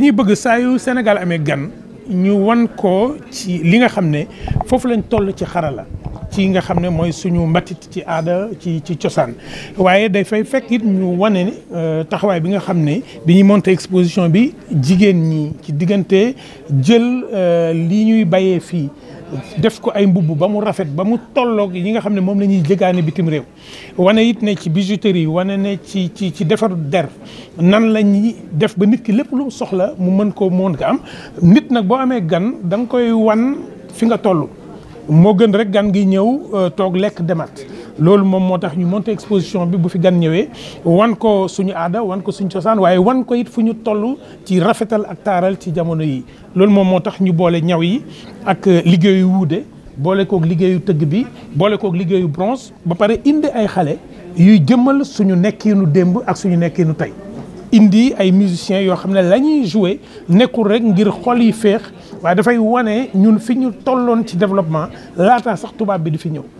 dañuy bëgg saa yu Sénégal amee gan ñu wan ko ci li nga xam ne foofu lañ toll ci xarala ci nga xam ne mooy suñu mbatit ci aada ci ci cosaan waaye dafay fekk it ñu wane euh, taxawaay bi nga xam ne bi ñuy monter exposition bi jigéen ñi ci diggante jël euh, li ñuy bayee fii def ko ay mbubb ba mu rafet ba mu tolloog yi nga xam ne moom la ñuy jëgaane bitim réew wane it ne ci bijouterie wane ne ci ci ci defaru der nan la ñuy def ba nit ki lépp lu soxla mu mën koo mën ko am nit nag boo amee gan da nga koy wan fi nga toll moo gën rek gan ngi ñëw euh, toog lekk demaat loolu moom moo tax ñu monte exposition bi bu fi gan ñëwee wan ko suñu aada wan ko suñu cosaan waaye wan ko it fu ñu toll ci rafetal ak taaral ci jamono yi loolu moom moo tax ñu boole ñaw yi ak liggéeyu wuude boole kook liggéeyu tëgg bi boole kook liggéeyu bronze ba pare indi ay xale yuy jëmmal suñu nekkiinu démb ak suñu nekkiinu tey indi ay musiciens yoo xam ne la ñuy nekkul rek ngir xool yi féex waaye dafay wane ñun fi ñu tolloon ci développement laataa sax tubaab bi di fi ñëw